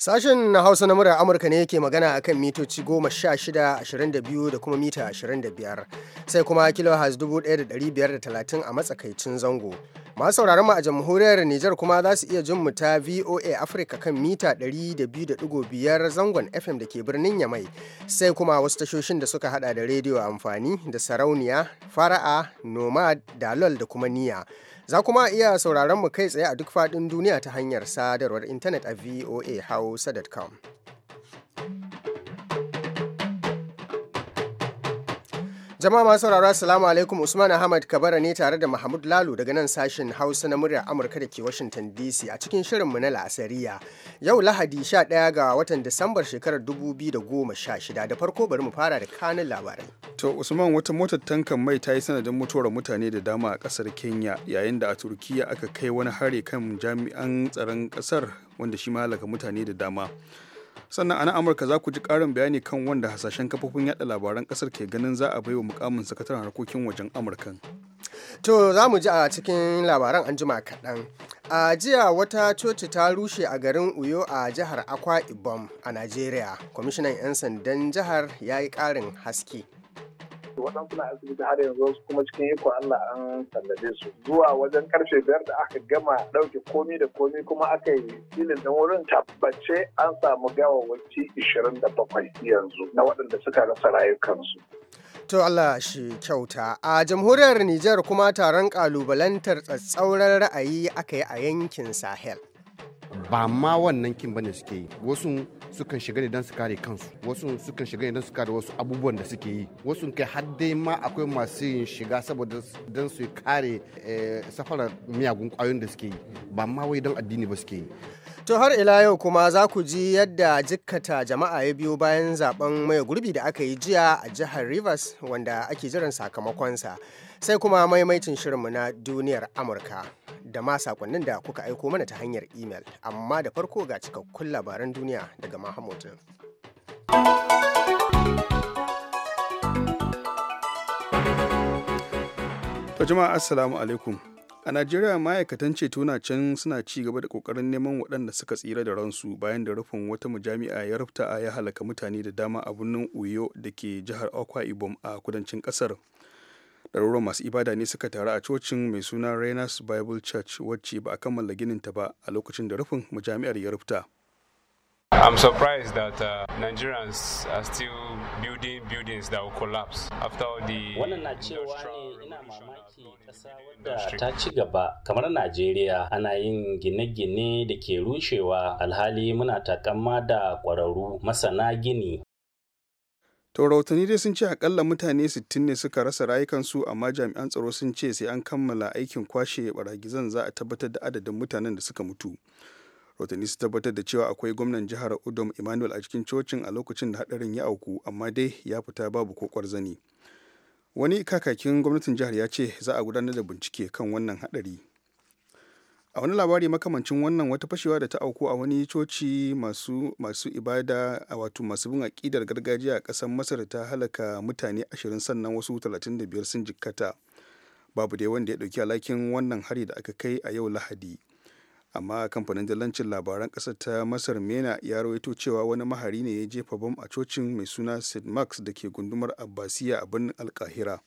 Sashen Hausa na murar Amurka ne yake magana a kan mitoci goma sha shida, da kuma mita 25 sai kuma kilo dubu 1,530 a matsakaicin zango. Masu sauraron mu a jamhuriyar Nijar kuma za su iya jin mu ta VOA afirka kan mita 102.5 zangon FM da ke birnin Yamai. Sai kuma wasu tashoshin da suka hada da rediyo amfani da sarauniya, fara'a, nomad, dalol da kuma niyya. Za kuma iya sauraron mu kai tsaye a duk faɗin duniya ta hanyar sadarwar intanet a voahausa.com. Jama'a masu sauraro Assalamu alaikum Usman Ahmad Kabara ne tare da Mahmud Lalo daga nan sashen Hausa na muryar Amurka da ke Washington DC a cikin shirin mu na la'asariya. Yau Lahadi 11 ga watan Disambar shekarar 2016 da farko bari mu fara da kanun labarai. To Usman wata motar tankan mai ta yi sanadin mutuwar mutane da dama a kasar Kenya yayin da a turkiyya aka kai wani hare kan jami'an tsaron kasar wanda shi ma mutane da dama. sannan a nan amurka za ku ji ƙarin bayani kan wanda hasashen kafofin yada labaran ƙasar ke ganin za a bai wa mukamin sakataren harkokin wajen amurka to za mu ji a cikin labaran an jima kaɗan a jiya wata coci ta rushe a garin uyo a jihar akwa ibom a najeriya kwamishinan 'yan sandan jihar ya yi ƙarin haske waɗansu na asibiti har yanzu wasu kuma cikin iko Allah an sallabe su zuwa wajen karfe biyar da aka gama ɗauke komi da komi kuma aka yi filin ɗin wurin tabbace an samu gawawwaci ishirin da bakwai yanzu na waɗanda suka rasa rayukansu. To Allah shi kyauta. A jamhuriyar Nijar kuma taron kalubalantar tsatsauran ra'ayi aka yi a yankin Sahel. ba ma wannan kin bane suke yi wasu sukan shiga ne don su kare kansu wasu sukan shiga ne don su kare wasu abubuwan da suke yi wasu kai har dai ma akwai masu yin shiga saboda don su kare eh, safarar miyagun kwayoyin da suke yi ba ma wai don addini ba suke yi To har ila yau kuma za ku ji yadda jikkata jama'a ya biyo bayan zaben mai gurbi da aka yi jiya a jihar Rivers wanda ake jiran sakamakonsa. sai kuma maimaitin shirinmu na duniyar amurka da ma sakonnin da kuka aiko mana ta hanyar imel amma da farko ga cikakkun labaran duniya daga mahamudu to jama'a assalamu alaikum a najeriya ma'aikatan ceto na can suna ci gaba da kokarin neman waɗanda suka tsira da ransu bayan da rufin wata mujami'a ya rufta ya halaka mutane da dama a birnin uyo da ke jihar akwa ibom a kudancin ƙasar ɗaruruwan masu ibada ne suka taru a cocin mai suna Renas Bible Church wacce ba a kammala ginin ta ba a lokacin da rufin majami'ar ya rufta. I'm surprised that uh, Nigerians are still building buildings that will collapse after all the Wannan na cewa ne ina mamaki ƙasa wadda ta ci gaba kamar Najeriya ana yin gine-gine da ke rushewa alhali muna takamma da ƙwararru masana gini To rahotanni dai sun ce akalla mutane 60 ne suka rasa rayukansu amma jami'an tsaro sun ce sai an kammala aikin kwashe baragizan za a tabbatar da adadin mutanen da suka mutu. Rahotanni su tabbatar da cewa akwai gwamnan jihar Udom Emmanuel a cikin cocin a lokacin da hadarin ya auku amma dai ya fita babu ko kwarzani. Wani kakakin gwamnatin jihar ya ce za a gudanar da bincike kan wannan hadari. a wani labari makamancin wannan wata fashewa da ta auku a wani coci masu masu ibada a wato masu bin aƙidar gargajiya a ƙasar masar ta halaka mutane ashirin sannan wasu 35 sun jikkata babu dai wanda ya ɗauki alakin wannan hari da aka kai a yau lahadi amma kamfanin dalancin labaran ƙasar ta masar mena ya rawaito cewa wani mahari ne ya jefa bom a cocin mai suna st max da ke gundumar abbasiya a birnin alkahira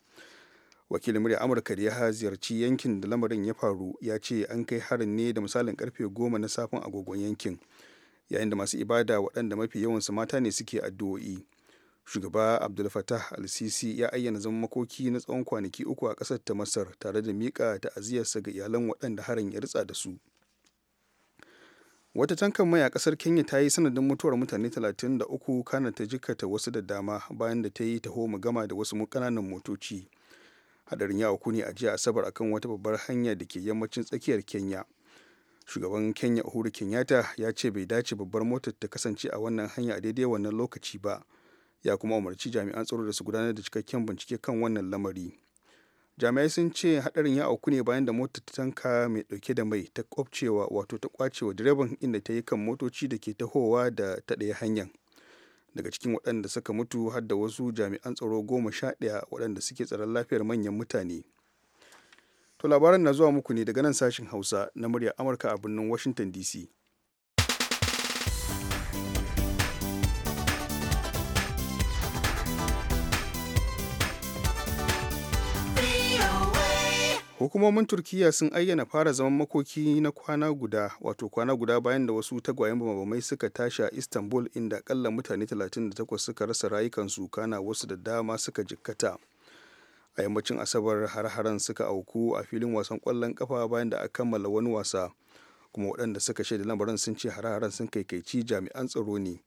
wakilin murya amurka da ya ziyarci yankin da lamarin ya faru ya ce an kai harin ne da misalin karfe goma na safin agogon yankin yayin da masu ibada waɗanda mafi yawansu mata ne suke addu'o'i shugaba abdul fatah al-sisi ya ayyana zama makoki na tsawon kwanaki uku a ƙasar ta masar tare da miƙa ta'aziyarsa ga iyalan waɗanda harin ya ritsa da su wata tankan mai a ƙasar kenya ta yi sanadin mutuwar mutane 33 kana ta jikkata wasu da dama bayan da ta yi taho gama da wasu ƙananan motoci hadarin ya auku ne a jiya asabar akan wata babbar hanya da ke yammacin tsakiyar kenya shugaban kenya uhuru kenyatta ya ce bai dace babbar motar ta kasance a wannan hanya a daidai wannan lokaci ba ya kuma umarci jami'an tsaro da su gudanar da cikakken bincike kan wannan lamari jami'ai sun ce hadarin ya auku ne bayan da motar ta tanka mai dauke da mai ta kwafcewa wato ta kwacewa direban inda ta yi kan motoci da ke tahowa da ta ɗaya hanyar daga cikin waɗanda suka mutu har da wasu jami'an tsaro goma sha ɗaya waɗanda suke tsaron lafiyar manyan mutane to labaran na zuwa muku ne daga nan sashin hausa na murya amurka a birnin washington dc hukumomin turkiyya sun ayyana fara zaman makoki na kwana guda wato kwana guda bayan da wasu tagwayen bamabamai suka tashi a istanbul inda akalla mutane 38 suka rasa rayukansu kana wasu da dama suka jikkata a yammacin asabar har-haren suka auku a filin wasan kwallon kafa bayan da aka kammala wani wasa kuma waɗanda suka shaida lamarin sun ce har-haren sun kaikaici jami'an tsaro ne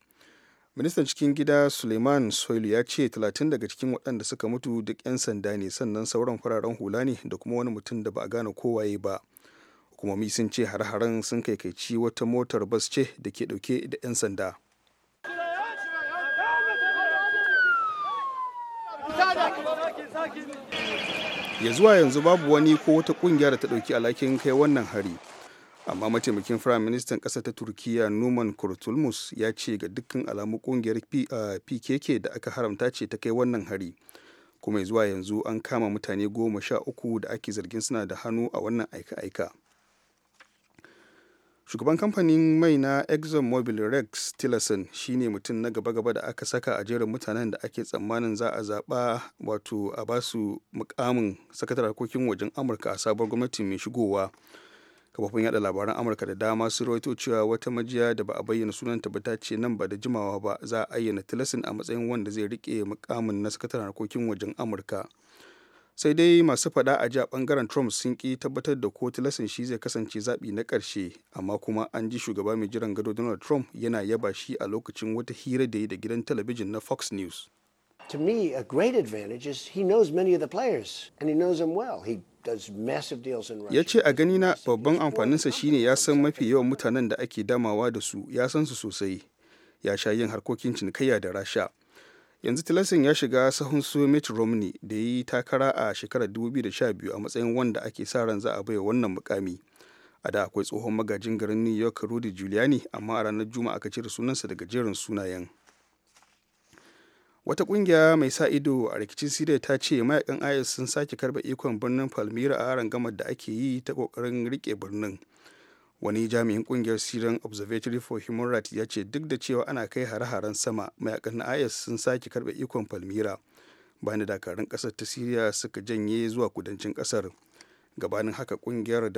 ministan cikin gida suleiman soilu ya ce 30 daga cikin waɗanda suka mutu duk 'yan sanda ne sannan sauran fararen hula ne da kuma wani mutum da ba a gane kowaye ba hukumomi sun ce har-haren sun kaikaici wata motar bas ce da ke ɗauke da 'yan sanda ya zuwa yanzu babu wani ko wata ƙungiya da ta ɗauki alhakin kai wannan hari amma mataimakin firayim ministan ƙasa ta turkiya numan kurtulmus ya ce ga dukkan alamu kungiyar pkk da aka haramta ce ta kai wannan hari kuma zuwa yanzu an kama mutane goma sha uku da ake zargin suna da hannu a wannan aika-aika shugaban kamfanin mai na mobil rex tillerson shine mutum na gaba-gaba da aka saka a jerin mutanen da ake tsammanin za a zaɓa wato a basu mukamin sakatar harkokin wajen amurka a sabon gwamnati mai shigowa kafofin yada labaran amurka da dama sun rawaito cewa wata majiya da ba a bayyana sunanta ba ta ce nan ba da jimawa ba za a ayyana tilasin a matsayin wanda zai rike mukamin na sakataren harkokin wajen amurka sai dai masu fada a ji a bangaren trump sun ki tabbatar da ko tilasin shi zai kasance zaɓi na ƙarshe amma kuma an ji shugaba mai jiran gado donald trump yana yaba shi a lokacin wata hira da yi da gidan talabijin na fox news to me, a great advantage is he knows many of the players and he knows them well. He ya ce a ganina babban amfaninsa shine ya san mafi yawan mutanen da ake damawa da su ya san su sosai ya sha yin harkokin cinikayya da rasha yanzu tilasin ya shiga sahun su mitt romney da ya yi takara a shekarar 2012 a matsayin wanda ake sa ran za a baiwa wannan mukami a da akwai tsohon magajin garin new york rudy giuliani amma a ranar juma'a ka cire sunansa daga jerin sunayen wata kungiya mai sa ido a rikicin siriya ta ce mayakan is sun sake karba ikon birnin palmyra a rangamar da ake yi ta kokarin rike birnin wani jami'in kungiyar syrian observatory for human rights ya ce duk da cewa ana kai hare-haren sama mayakan na is sun sake karba ikon palmyra bayan da dakarun kasar ta siriya suka janye zuwa kudancin kasar gabanin haka kungiyar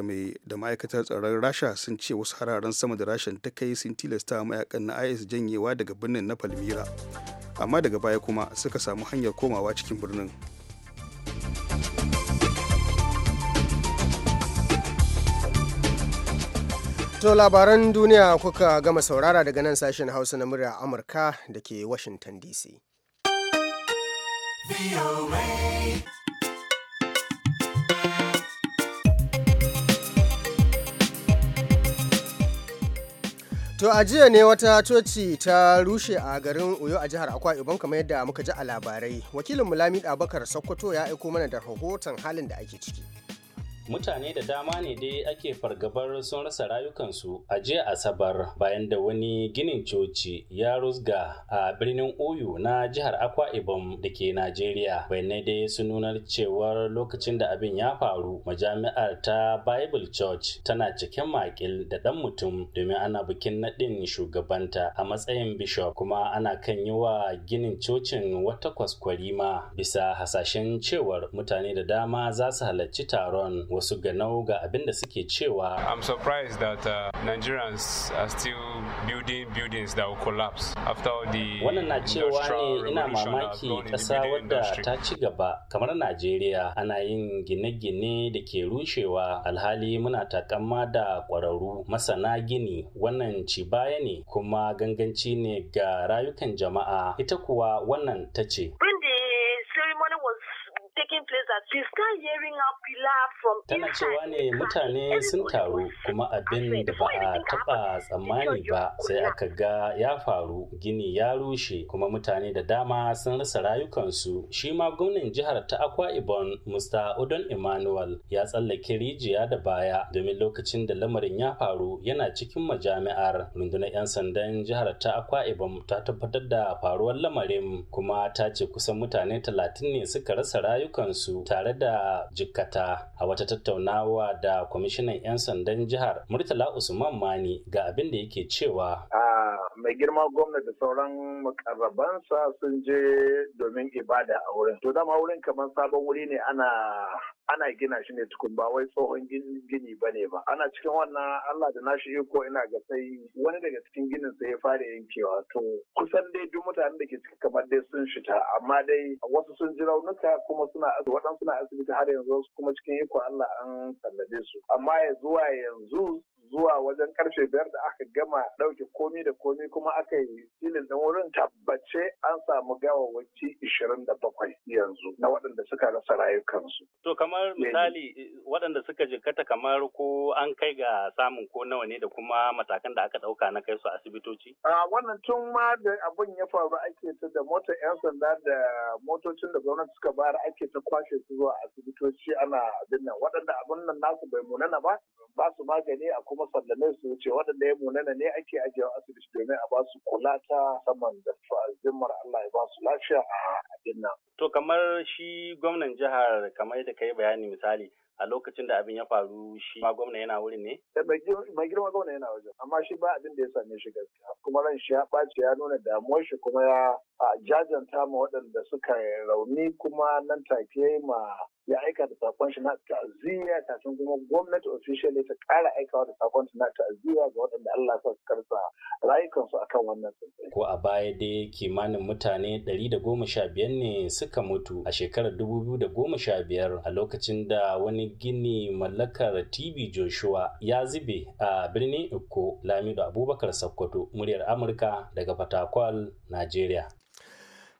da ma'aikatar tsaron rasha sun ce wasu hararen sama da rashin ta kai sun tilasta mayakan na is janyewa daga birnin na palmira amma daga baya kuma suka samu hanyar komawa cikin birnin To labaran duniya kuka gama saurara daga nan sashen hausa na murya amurka da ke washington dc To a jiya ne wata coci ta rushe a garin Uyo a jihar Akwa Ibom kamar yadda muka ji a labarai. Wakilin Mulami Abakar Sokoto ya aiko mana da rahoton halin da ake ciki. mutane da dama ne dai ake fargabar sun rasa rayukansu a jiya asabar bayan da wani ginin coci ya rusga a birnin oyo na jihar akwa ibom da ke najeriya bayanai dai sun nuna cewar lokacin da abin ya faru majami'ar ta bible church tana cikin makil da dan mutum domin ana bikin naɗin shugabanta a matsayin bishop kuma ana kan yi wa ginin cocin wata kwaskwarima bisa hasashen cewar mutane da dama za su halarci taron wasu ganau ga abin da suke cewa I'm surprised that uh, Nigerians are still building buildings that will collapse after all the Wannan na cewa ne ina mamaki ƙasa wadda ta ci gaba kamar Najeriya ana yin gine-gine da ke rushewa alhali muna takamma da ƙwararru masana gini wannan ci baya ne kuma ganganci ne ga rayukan jama'a ita kuwa wannan ta ce. Tana cewa ne mutane sun taru kuma abin da ba a taɓa tsammani ba sai aka ga ya faru gini ya rushe kuma mutane da dama sun rasa rayukansu shi ma gwamnan jihar ta akwa ibon musta odon emmanuel ya tsallake rijiya da baya domin lokacin da lamarin ya faru yana cikin majami'ar rundunar 'yan sandan jihar ta akwa ibon ta tabbatar da faruwar lamarin kuma ta ce kusan mutane talatin ne suka rasa rayukansu ta tare da jikkata a wata tattaunawa da kwamishinan 'yan sandan jihar murtala usman mani ga abin da yake cewa a mai girma gwamna da sauran makarrabansa sun je domin ibada a wurin to dama wurin kamar sabon wuri ne ana ana gina shi ne tukun ba wai tsohon gini ba ne ba ana cikin wannan Allah da nashi iko ina ga sai wani daga cikin ginin sai ya fara yankewa to kusan dai duk mutanen da ke ciki kamar dai sun shita amma dai wasu sun ji raunuka kuma suna waɗansu suna asibiti har yanzu kuma cikin iko Allah an sallabe su amma ya zuwa yanzu zuwa wajen karfe biyar da aka gama ɗauke komi da komi kuma aka yi filin ɗan wurin tabbace an samu gawawwaki ishirin da bakwai yanzu na waɗanda suka rasa rayukansu. To kamar misali waɗanda suka kata kamar ko an kai ga samun ko nawa ne da kuma matakan da aka ɗauka na kai su asibitoci? A wannan tun ma da abin ya faru ake ta da motar 'yan sanda da motocin da gwamnati suka bayar ake ta kwashe su zuwa asibitoci ana abin nan waɗanda abin nan nasu bai munana ba ba su magani a kuma kuma sallame su wuce waɗanda ya munana ne ake ajiye asibiti domin a ba su kula ta saman da zimmar Allah ya ba su lafiya a nan. To kamar shi gwamnan jihar kamar yadda ka yi bayani misali a lokacin da abin ya faru shi ma gwamna yana wurin ne? Eh, mai girma gwamna yana wajen, amma shi ba abin da ya same shi gaskiya. Kuma ran shi ya ɓaci ya nuna damuwar shi kuma ya jajanta ma waɗanda suka rauni kuma nan take ma ya aika da sakon shi na ta'aziyya kafin kuma gwamnati official ta ƙara aikawa da sakon shi na ta'aziyya ga waɗanda Allah ya sa karsa rayukansu akan wannan tsuntsaye. Ko a baya dai kimanin mutane 115 ne suka mutu a shekarar 2015 a lokacin da wani gini mallakar TV Joshua ya zube a birnin Ikko Lamido Abubakar Sokoto muryar Amurka daga Fatakwal, Najeriya.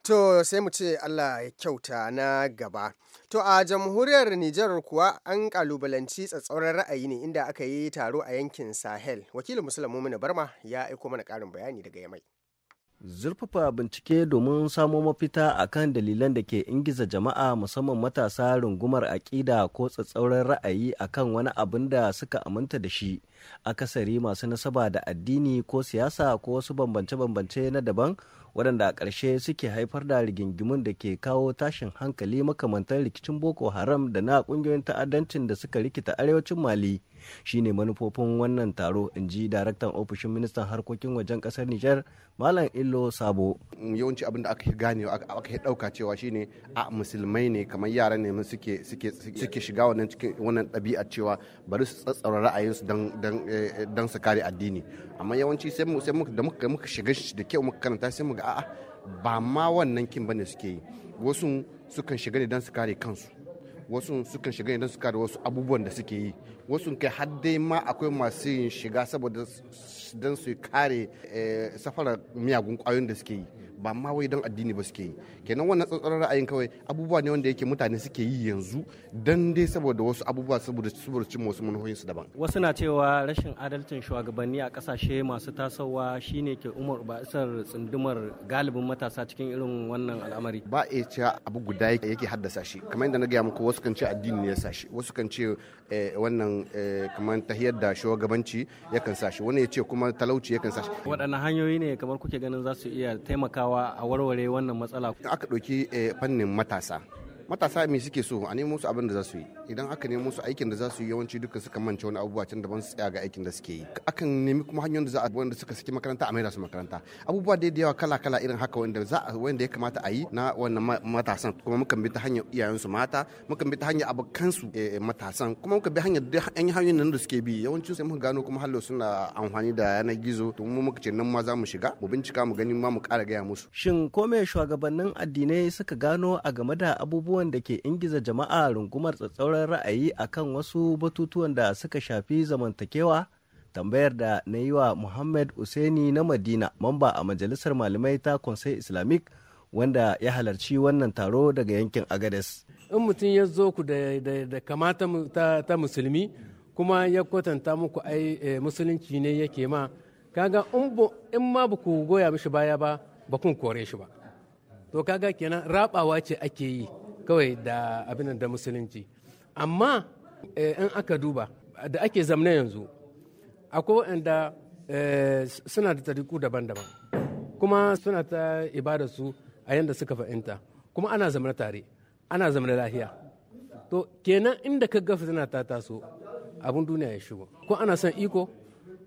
To sai mu ce Allah ya kyauta na gaba. To a jamhuriyar Nijar kuwa an kalubalanci tsatsauran ra'ayi ne inda aka yi taro a yankin Sahel. Wakilin Musulun Barma ya aiko mana ƙarin bayani daga Yamai. zurfafa bincike domin samo mafita a kan dalilan da ke ingiza jama'a musamman matasa rungumar aƙida ko tsatsauran ra'ayi a kan wani abin da suka aminta da shi akasari masu nasaba da addini ko siyasa ko wasu bambance-bambance na daban waɗanda a ƙarshe suke haifar da rigingimun da ke kawo tashin hankali makamantar rikicin boko haram da na ƙungiyoyin ta'addancin da suka rikita arewacin mali shine manufofin wannan taro in ji daraktan ofishin ministan harkokin wajen kasar nijar malam illo sabo yawanci abin da aka gane aka dauka cewa shine a musulmai ne kamar yara ne suke suke shiga wannan cikin wannan ɗabi'a cewa bari su tsatsara ra'ayinsu eh, don su kare addini amma yawanci sai da muka shiga da kyau muka karanta sai mu ga a'a ba ma wannan kin bane suke yi wasu sukan shiga ne don su kare kansu wasu sukan shiga ne don su kare wasu abubuwan da suke yi wasu kai har dai ma akwai masu yin shiga saboda don su kare eh, safarar miyagun kwayoyin da suke yi ba ma wai don addini ba suke yi kenan wannan tsantsarar ra'ayin kawai abubuwa ne wanda yake mutane suke yi yanzu don dai saboda wasu abubuwa saboda saboda cin wasu su daban wasu na cewa rashin adalcin shugabanni a kasashe masu tasowa shine ke umar ba isar tsundumar galibin matasa cikin irin wannan al'amari ba a cewa abu guda yake haddasa shi kamar yadda na gaya muku wasu kan ce addini ne ya sa shi wasu kan ce eh, wannan rashin eh, kamar tahiyar da shugabanci yakan kan wani ya ce kuma talauci yakan kan waɗanne hanyoyi ne kamar kuke ganin za su iya taimakawa a warware wannan matsala aka ɗauki eh, fannin matasa matasa me suke so a nemo su abin da za su yi idan aka nemo su aikin da za su yi yawanci duka suka manta wani abubuwa can daban su tsaya ga aikin da suke yi akan nemi kuma hanyoyin da za a wanda suka saki makaranta a maida su makaranta abubuwa dai da yawa kala kala irin haka wanda za a wanda ya kamata a yi na wannan matasan kuma mukan bi ta hanyar iyayensu mata mukan bi ta hanyar su eh, matasan kuma muka bi hanyar da yan hanyoyin nan da suke bi yawancin sai muka gano kuma hallo suna amfani da yanar gizo to mu muka ce nan ma za mu shiga mu bincika mu gani ma mu ga gaya musu shin ko me shugabannin addinai suka gano a game da abubuwan abubuwan da ke ingiza jama'a rungumar tsatsauran ra'ayi a kan wasu batutuwan da suka shafi zamantakewa tambayar da na yi wa muhammad Useni na madina mamba a majalisar malamai ta konsai islamic wanda ya halarci wannan taro daga yankin agades in mutum ya zo ku da kamata ta musulmi kuma ya kwatanta muku ai eh, musulunci ne yake ma kaga in ma ba ku goya mishi baya ba ba kun kore shi ba to kaga kenan rabawa ce ake yi kawai da abin da musulunci amma eh, in aka duba da ake zamne yanzu akwai waɗanda eh, suna da tariku daban-daban kuma suna ta su a yadda suka fahimta kuma ana zamne tare ana zamne lahiya to kenan inda ka gafi suna ta taso abin duniya ya shigo ko ana son iko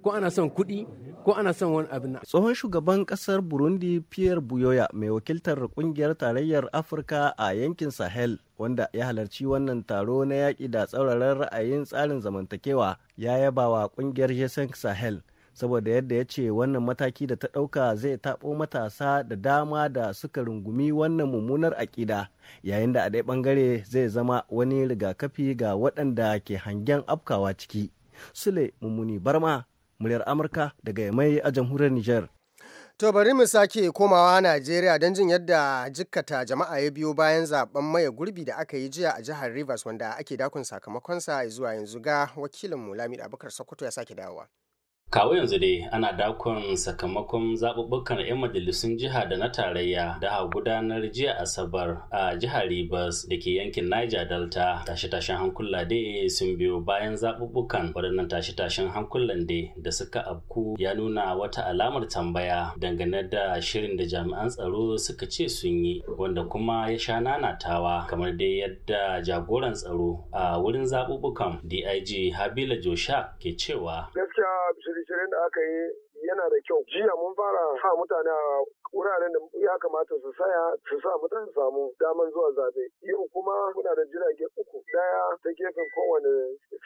ko ana son kuɗi ko ana son wani abin tsohon shugaban ƙasar burundi pierre buyoya mai wakiltar kungiyar tarayyar afirka a yankin sahel wanda ya halarci wannan taro na yaƙi da tsauraran ra'ayin tsarin zamantakewa ya yaba wa kungiyar jason sahel saboda yadda ya ce wannan mataki da ta ɗauka zai taɓo matasa da dama da suka rungumi wannan mummunar aƙida yayin da a ɗaya ɓangare zai zama wani rigakafi ga waɗanda ke hangen afkawa ciki sule mummuni barma muryar amurka daga mai a jamhuriyar niger To bari mu sake komawa Najeriya don jin yadda jikkata jama'a ya biyo bayan zaben maye gurbi da aka yi jiya a jihar Rivers wanda ake dakon sakamakonsa zuwa yanzu ga wakilinmu Lamid Abubakar Sokoto ya sake dawowa. kawo yanzu dai ana dakon sakamakon zaɓuɓɓukan 'yan majalisun jiha da na tarayya da a gudanar jiya asabar a jihar Ribas da ke yankin niger delta tashe-tashen hankula dai sun biyo bayan zaɓuɓɓukan waɗannan tashe-tashen hankulan dai da suka afku ya nuna wata alamar tambaya dangane da shirin da jami'an tsaro suka ce sun yi wanda kuma ya sha nanatawa kamar dai yadda jagoran tsaro a wurin zaɓuɓɓukan dig habila josha ke cewa shirin da aka yi yana da kyau jiya mun fara sa mutane a wuraren da ya kamata su saya su sa mutane samu daman zuwa zabe, yau kuma muna da jirage uku daya ta gefen kowane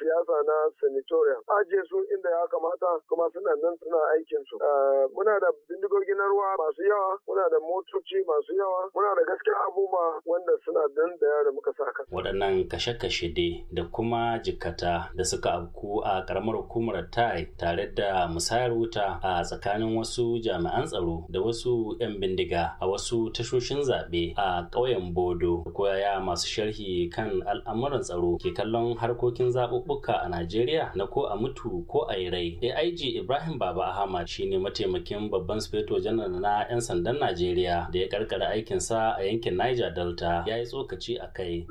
siyasa na senatorial ajiye su inda ya kamata kuma suna nan suna aikin su eh, muna da bindigogi na ruwa masu yawa muna da motoci masu yawa muna da gaskiya abubuwa wanda suna dan da yawa muka saka waɗannan kashe-kashe dai da kuma jikata da suka abku a karamar hukumar tai tare da musayar wuta a tsakanin wasu jami'an tsaro da wasu 'yan bindiga a wasu tashoshin zaɓe a ƙauyen bodo koyaya masu sharhi kan al'amuran tsaro ke kallon harkokin zaɓuɓɓuka zaɓuɓɓuka a Najeriya na ko a mutu ko a yi rai. AIG Ibrahim Baba Ahmad ne mataimakin babban sufeto janar na 'yan sandan Najeriya da ya karkara aikinsa a yankin Niger Delta ya yi tsokaci a kai.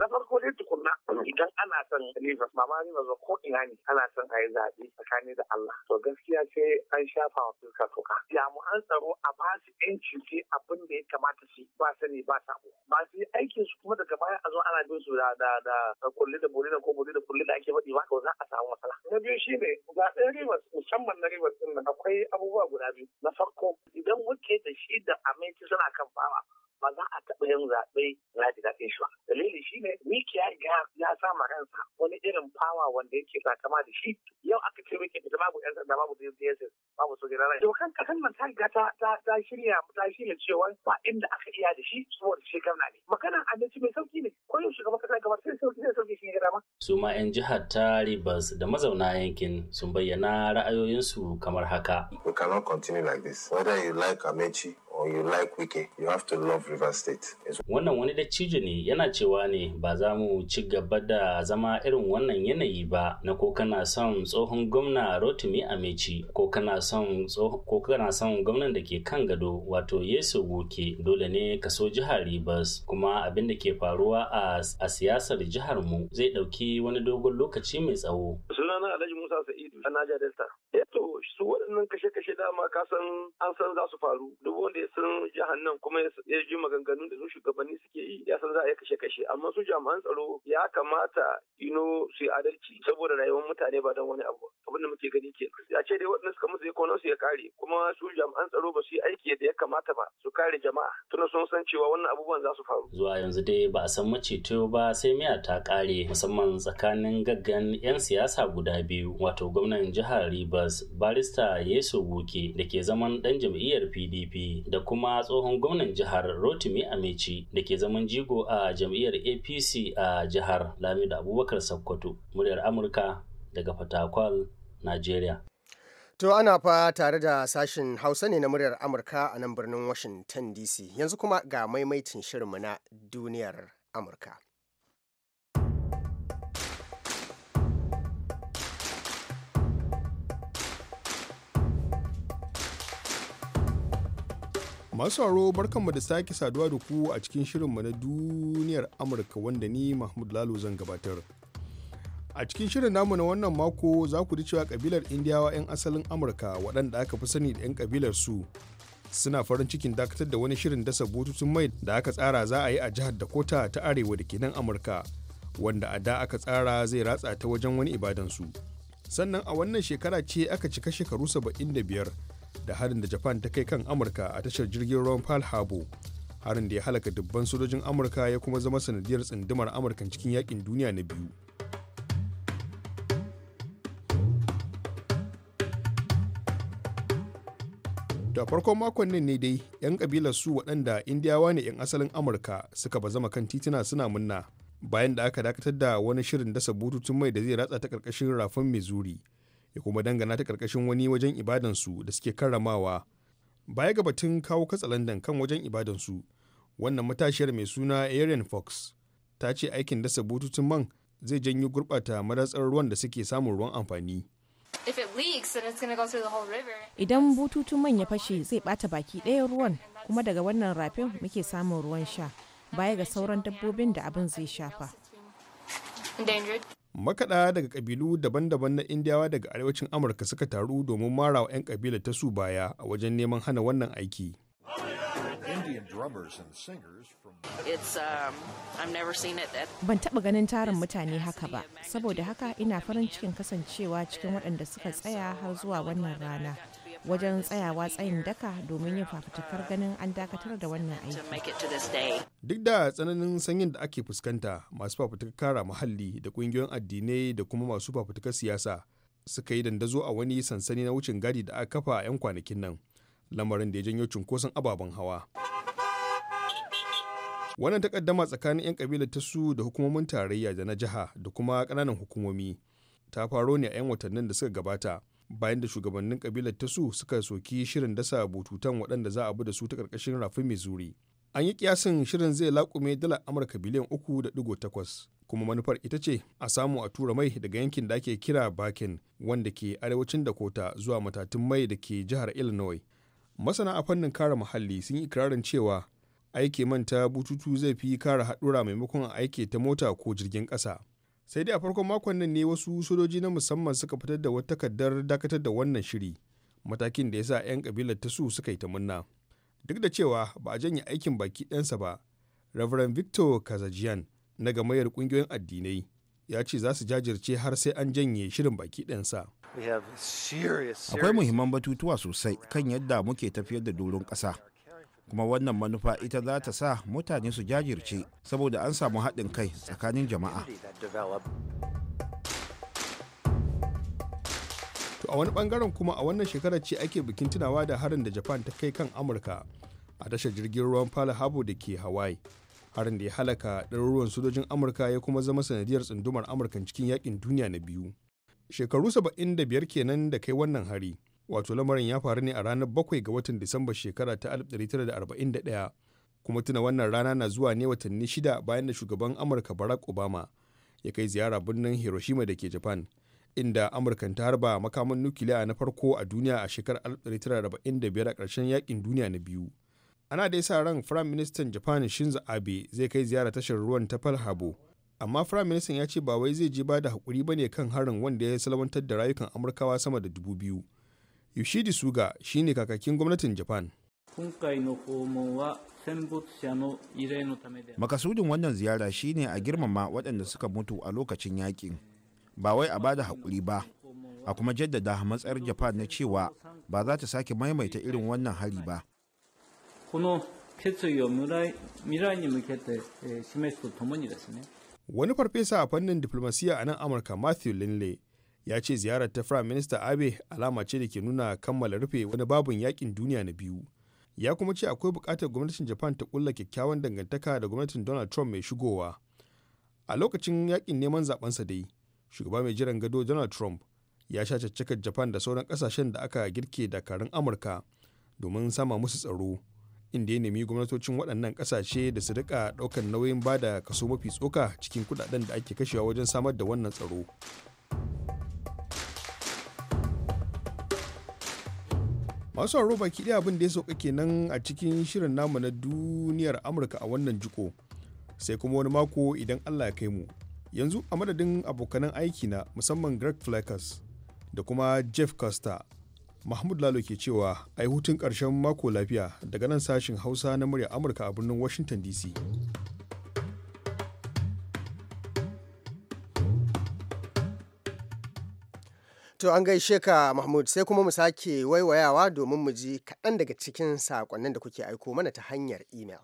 son Rivers ba ma ko ina ne ana son a yi zaɓe tsakani da Allah to gaskiya ce an shafa wa fuska toka an tsaro a ba su ƴanci abin da ya kamata su ba sani ba sabo ba su yi aikin su kuma daga baya a zo ana bin su da da da kulli da bolina ko bolina kulli da ake faɗi ba to za a samu matsala na biyu shine zaɓen Rivers musamman na Rivers din akwai abubuwa guda biyu na farko idan muke da shi da aminci suna kan fama ba za a taɓa yin zaɓe na ji daɗin shi ba. Dalili shi ne Miki ya sa ma kansa wani irin fawa wanda yake takama da shi. Yau aka ce Miki da babu 'yan sanda babu DSS babu sojan rai. Dokan ƙasar nan ta riga ta shirya ta shirya cewa ba inda aka iya da shi wani shi na ne. Maganan abinci mai sauƙi ne ko yau shugaban ƙasa gabar sai sauƙi sai sauƙi shi ne dama. Su ma 'yan jihar ta Rivers da mazauna yankin sun bayyana ra'ayoyinsu kamar haka. We cannot continue like this. Whether you like Amechi or you like Wike, you have to love River State. Wannan wani dattijo ne yana cewa ne ba za mu ci gaba da zama irin wannan yanayi ba na ko kana son tsohon gwamna Rotimi Amechi ko kana son ko kana son gwamnan da ke kan gado wato Yesu goke dole ne ka so jihar Rivers kuma abin da ke faruwa a a siyasar jihar mu zai dauki wani dogon lokaci mai tsawo. Sunana Alhaji Musa Sa'idu a Niger Delta. su waɗannan kashe-kashe dama ka san an san za su faru duk wanda ya san jihar nan kuma ya ji maganganun da su shugabanni suke yi ya san za a yi kashe-kashe amma su jami'an tsaro ya kamata ino su yi adalci saboda rayuwar mutane ba don wani abu abin da muke gani ke ya ce dai waɗanda suka musu kwanan su ya kare kuma su jami'an tsaro ba su yi aiki yadda ya kamata ba su kare jama'a tuna sun san cewa wannan abubuwan za su faru zuwa yanzu dai ba a san maceto ba sai miya ta kare musamman tsakanin gaggan 'yan siyasa guda biyu wato gwamnan jihar Rivers Bari barista Yesu Wuke da ke zaman ɗan jam'iyyar PDP da kuma tsohon gwamnan jihar Rotimi Amici da ke zaman jigo a jam'iyyar APC a jihar Lamido Abubakar Sokoto, muryar Amurka daga Fatakwal, Najeriya. To ana fa tare da sashen Hausa ne na muryar Amurka a nan birnin Washington DC. Yanzu kuma ga maimaitin mu na duniyar Amurka. Masu sauraro barkanmu da sake saduwa da ku a cikin shirinmu na duniyar Amurka wanda ni Mahmud Lalo zan gabatar. A cikin shirin namu na wannan mako za ku ji cewa kabilar Indiyawa 'yan asalin Amurka waɗanda aka fi sani da 'yan kabilar su suna farin cikin dakatar da wani shirin dasa bututun mai da aka tsara za a yi a jihar Dakota ta arewa da ke nan Amurka wanda a da aka tsara zai ratsa ta wajen wani ibadansu. Sannan a wannan shekara ce aka cika shekaru 75 da harin da japan ta kai kan amurka a tashar jirgin ruwan pearl harbor harin da ya halaka dubban sojojin amurka ya kuma zama sanadiyar tsindimar amurkan cikin yakin duniya na biyu da farkon makon nan ne dai 'yan kabilar su waɗanda indiyawa ne 'yan asalin amurka suka ba zama kan tituna suna munna bayan da aka dakatar da wani shirin dasa bututun mai da zai ratsa ta ƙarƙashin rafin missouri ya kuma dangana ta karkashin wani wajen ibadansu da suke karramawa baya ga batun kawo katsalandan kan wajen ibadansu wannan matashiyar mai suna arian fox ta ce aikin dasa bututun man zai janyo gurɓata madatsar ruwan da suke samun ruwan amfani idan bututun man ya fashe zai bata baki ɗaya ruwan kuma daga wannan rafin muke samun ruwan sha baya ga sauran dabbobin da abin zai shafa makaɗa daga ƙabilu daban-daban na indiyawa daga arewacin amurka suka taru domin marawa 'yan ƙabilar ta su baya a wajen neman hana wannan aiki um, Ban taɓa ganin tarin mutane haka ba, saboda haka ina farin cikin kasancewa cikin waɗanda suka tsaya har zuwa wannan rana. wajen tsayawa tsayin daka domin yin fafutukar ganin an dakatar da wannan aiki. Duk da tsananin sanyin da ake fuskanta masu fafutukar kara muhalli da kungiyoyin addinai da kuma masu fafutukar siyasa suka yi dandazo a wani sansani na wucin gadi da aka kafa a 'yan kwanakin nan lamarin da ya janyo cunkoson ababen hawa. Wannan takaddama tsakanin 'yan kabilar ta su da hukumomin tarayya da na jiha da kuma ƙananan hukumomi ta faro ne a 'yan watannin da suka gabata. bayan da shugabannin kabilar su suka soki shirin dasa bututan waɗanda za a bi da su ta ƙarƙashin rafin missouri an yi kiyasin shirin zai laƙume dalar amurka biliyan uku da digo takwas kuma manufar ita ce a samu a tura mai daga yankin da ake kira bakin wanda ke arewacin da dakota zuwa matatun mai da ke jihar illinois masana a fannin kare muhalli sun yi ikirarin cewa aiki manta bututu zai fi kare haɗura maimakon aiki ta mota ko jirgin ƙasa sai dai a farkon makon nan ne wasu sojoji na musamman suka fitar da wata takardar dakatar da wannan shiri matakin da ya sa 'yan kabilar ta su suka yi ta munna duk da cewa ba a janye aikin baki ɗansa ba reverend victor kazajian na gamayyar ƙungiyoyin addinai ya ce za su jajirce har sai an janye shirin baki ɗansa akwai muhimman batutuwa sosai kan yadda muke tafiyar da doron ƙasa kuma wannan manufa ita za ta sa mutane su jajirce saboda an samu haɗin kai tsakanin jama'a to a wani bangaren kuma a wannan shekarar ce ake bikin tunawa da harin da japan ta kai kan amurka a tashar jirgin ruwan palo habo da ke hawaii harin da ya halaka ɗaruruwan sojojin amurka ya kuma zama sanadiyar tsundumar amurkan cikin yakin duniya na biyu shekaru saba'in da biyar kenan da kai wannan hari wato lamarin ya faru ne a ranar 7 ga watan disamba shekara ta 1941 kuma tuna wannan rana na zuwa ne watanni shida bayan da shugaban amurka barack obama ya kai ziyara birnin hiroshima da ke japan inda amurkan ta harba makaman nukiliya na farko a duniya a shekarar 1945 a ƙarshen yakin duniya na biyu ana dai sa ran firayim ministan japan shinzo abe zai kai ziyara tashar ruwan ta pearl harbor amma firayim ministan ya ce ba wai zai je ba da haƙuri ba ne kan harin wanda ya salwantar da rayukan amurkawa sama da dubu biyu Yoshidi Suga shine kakakin gwamnatin Japan. Makasudin wannan ziyara shine a girmama waɗanda suka mutu a lokacin yakin, ba wai a bada haƙuri ba, a kuma jaddada matsayar Japan na cewa ba za ta sake maimaita irin wannan hari ba. Eh, Wani farfesa a fannin diplomasiya a nan Amurka Matthew Lindley ya ce ziyarar ta firayim minista abe alama ce da ke nuna kammala rufe wani babin yakin duniya na biyu ya kuma ce akwai bukatar gwamnatin japan ta kulla kyakkyawan dangantaka da gwamnatin donald trump mai shigowa a lokacin yakin neman sa dai shugaba mai jiran gado donald trump ya sha caccakar japan da sauran kasashen da aka girke da karin amurka domin sama musu tsaro inda ya nemi gwamnatocin waɗannan ƙasashe da su rika ɗaukar nauyin ba da kaso mafi tsoka cikin kuɗaɗen da ake kashewa wajen samar da wannan tsaro masu haro baki ɗaya abin da ya sauka kenan a cikin shirin namu na duniyar amurka a wannan jiko sai kuma wani mako idan allah ya kai mu yanzu a madadin abokanan aiki na musamman greg flakers da kuma jeff costa mahmud lalo ke cewa a yi hutun karshen mako lafiya daga nan sashin hausa na murya amurka a birnin washington dc To an gaishe ka Mahmud sai kuma mu sake waiwayawa domin mu ji kaɗan daga cikin saƙonnin da kuke aiko mana ta hanyar imel.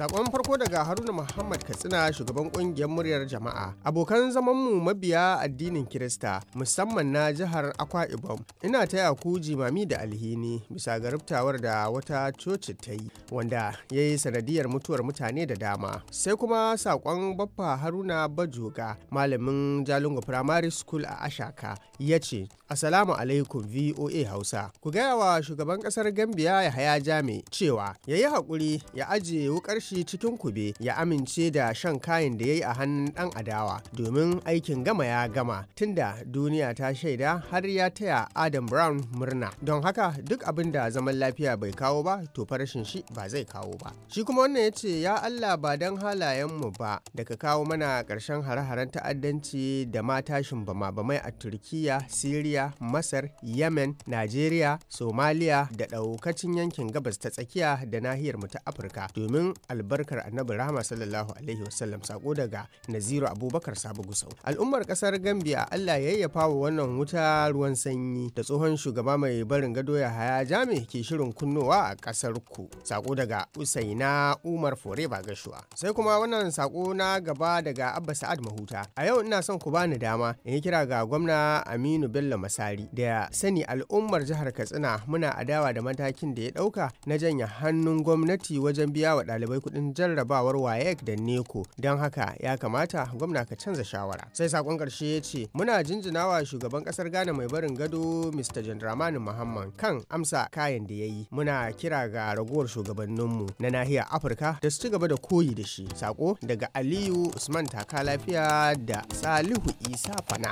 Sakon farko daga Haruna Muhammad Katsina shugaban kungiyar muryar jama'a. Abokan zaman mu mabiya addinin Kirista musamman na jihar Akwa Ibom. Ina taya ku jimami da alhini bisa garubtawar da wata coci ta yi wanda ya yi sanadiyar mutuwar mutane da dama. Sai kuma sakon Baffa Haruna Bajoga malamin Jalingo Primary School a Ashaka ya ce Assalamu alaikum VOA Hausa. Ku gaya wa shugaban kasar Gambia Yahaya Jami cewa ya yi haƙuri ya ajiye wukar shi cikin kube ya amince da shan kayan da ya yi a hannun ɗan adawa domin aikin gama ya gama tunda duniya ta shaida har ya taya Adam Brown murna. Don haka duk abin da zaman lafiya bai kawo ba to farashin shi ba zai kawo ba. Shi kuma wannan ya ce ya Allah ba don halayenmu ba da ka kawo mana ƙarshen hare-haren ta'addanci da ma tashin bama-bamai a Turkiya, Siriya, Ethiopia, Masar, Yemen, Najeriya, Somalia da ɗaukacin yankin gabas ta tsakiya da nahiyar mu ta Afirka domin albarkar Annabi Rahama sallallahu alaihi wasallam sako daga Naziru Abubakar sabu Gusau. Al'ummar kasar Gambia Allah ya yayyafa wa wannan wuta ruwan sanyi da tsohon shugaba mai barin gado ya haya jami ke shirin kunnowa a kasar ku. Sako daga Usaina Umar Foreba Gashuwa. Sai kuma wannan sako na gaba daga Abba Sa'ad Mahuta. A yau ina son ku bani dama in yi kira ga gwamna Aminu Bello masari da sani al'ummar jihar katsina muna adawa da matakin da ya ɗauka na janya hannun gwamnati wajen biya wa ɗalibai kuɗin jarrabawar wayek da neko don haka ya kamata gwamna ka canza shawara sai sakon karshe ya ce muna jinjinawa shugaban ƙasar ghana mai barin gado mr dramani muhammad kan amsa kayan da ya yi muna kira ga ragowar shugabanninmu na nahiyar afirka da su ci gaba da koyi da shi sako daga aliyu usman taka lafiya da salihu isa fana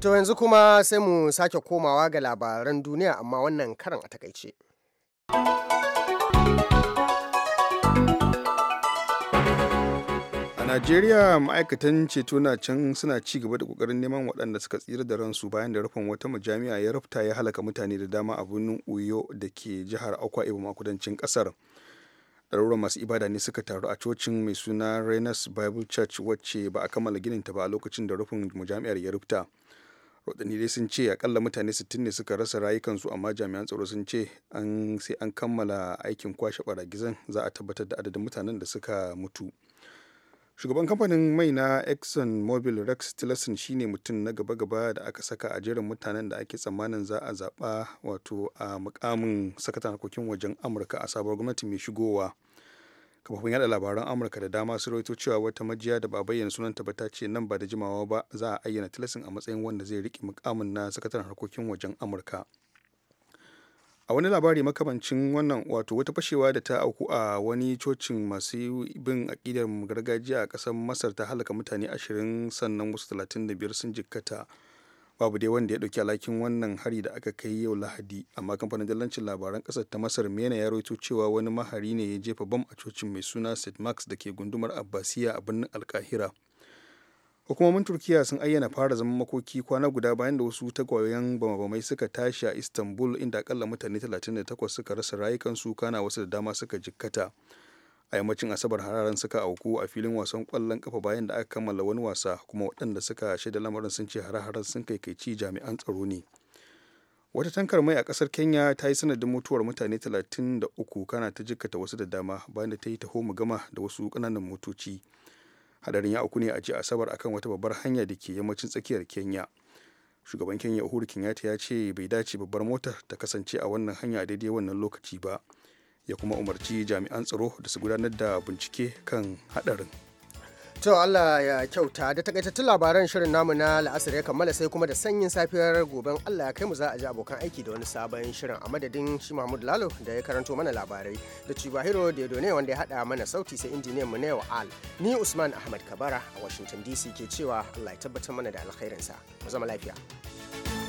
To yanzu kuma sai mu sake komawa ga labaran duniya amma wannan karan a takaice. A Najeriya ma'aikatan ceto na can suna ci gaba da kokarin neman waɗanda suka tsira da ransu bayan da rufin wata majami'a ya rufta ya halaka mutane da dama a birnin Uyo da ke jihar Akwa Ibom a kudancin ƙasar. ɗaruruwan masu ibada ne suka taru a cocin mai suna renas bible church wacce ba a kammala ginin ta ba a lokacin da rufin majami'ar ya rufta waɗanne dai sun ce akalla mutane 60 ne suka rasa rayukansu amma jami'an tsaro sun ce sai an kammala aikin kwashe baragizan za a tabbatar da adadin mutanen da suka mutu shugaban kamfanin mai na exxon mobil rex tillerson shine mutum na gaba-gaba da aka saka a jerin mutanen da ake tsammanin za a zaɓa wato a mukamin sakatan harkokin wajen amurka a sabuwar gwamnati mai shigowa kafofin yada labaran amurka da dama su rawaito cewa wata majiya da ba bayyana sunanta ba ta ce nan ba da jimawa ba za a ayyana tillerson a matsayin wanda zai riƙe mukamin na sakataren harkokin wajen amurka a wani labari makamancin wannan wato wata fashewa da ta auku a wani cocin masu bin aƙidar gargajiya a ƙasar masar ta halaka mutane 20 sannan wasu 35 sun jikkata babu dai wanda ya ɗauki alhakin wannan hari da aka kai yau lahadi amma kamfanin dallancin labaran kasar ta masar mena ya rawaito cewa wani mahari ne ya jefa bam a cocin mai suna st max da ke gundumar abbasiya a birnin alkahira hukumomin turkiya sun ayyana fara zaman makoki kwana guda bayan da wasu tagwayen bamabamai suka tashi a istanbul inda akalla mutane 38 suka rasa rayukansu kana wasu da dama suka jikkata a yammacin asabar hararen suka auku a filin wasan kwallon kafa bayan da aka kammala wani wasa kuma waɗanda suka shaida lamarin sun ce hare-haren sun kaikaici jami'an tsaro ne wata tankar mai a kasar kenya ta yi sanadin mutuwar mutane 33 kana ta jikkata wasu da dama bayan da ta yi taho gama da wasu kananan motoci hadarin ya auku ne a ji asabar akan wata babbar hanya da ke yammacin tsakiyar kenya shugaban kenya uhuru kenyatta ya ce bai dace babbar motar ta kasance a wannan hanya a daidai wannan lokaci ba ya kuma umarci jami'an tsaro da su gudanar da bincike kan hadarin. To Allah ya kyauta da takaitattun labaran shirin namu na la'asar ya kammala sai kuma da sanyin safiyar goben Allah ya kai mu za a ji abokan aiki da wani sabon shirin a madadin shi Mahmud Lalo da ya karanto mana labarai da Cibahiro da Done wanda ya haɗa mana sauti sai injiniyan mu Neo Al ni Usman Ahmad Kabara a Washington DC ke cewa Allah ya tabbatar mana da alkhairinsa mu zama lafiya.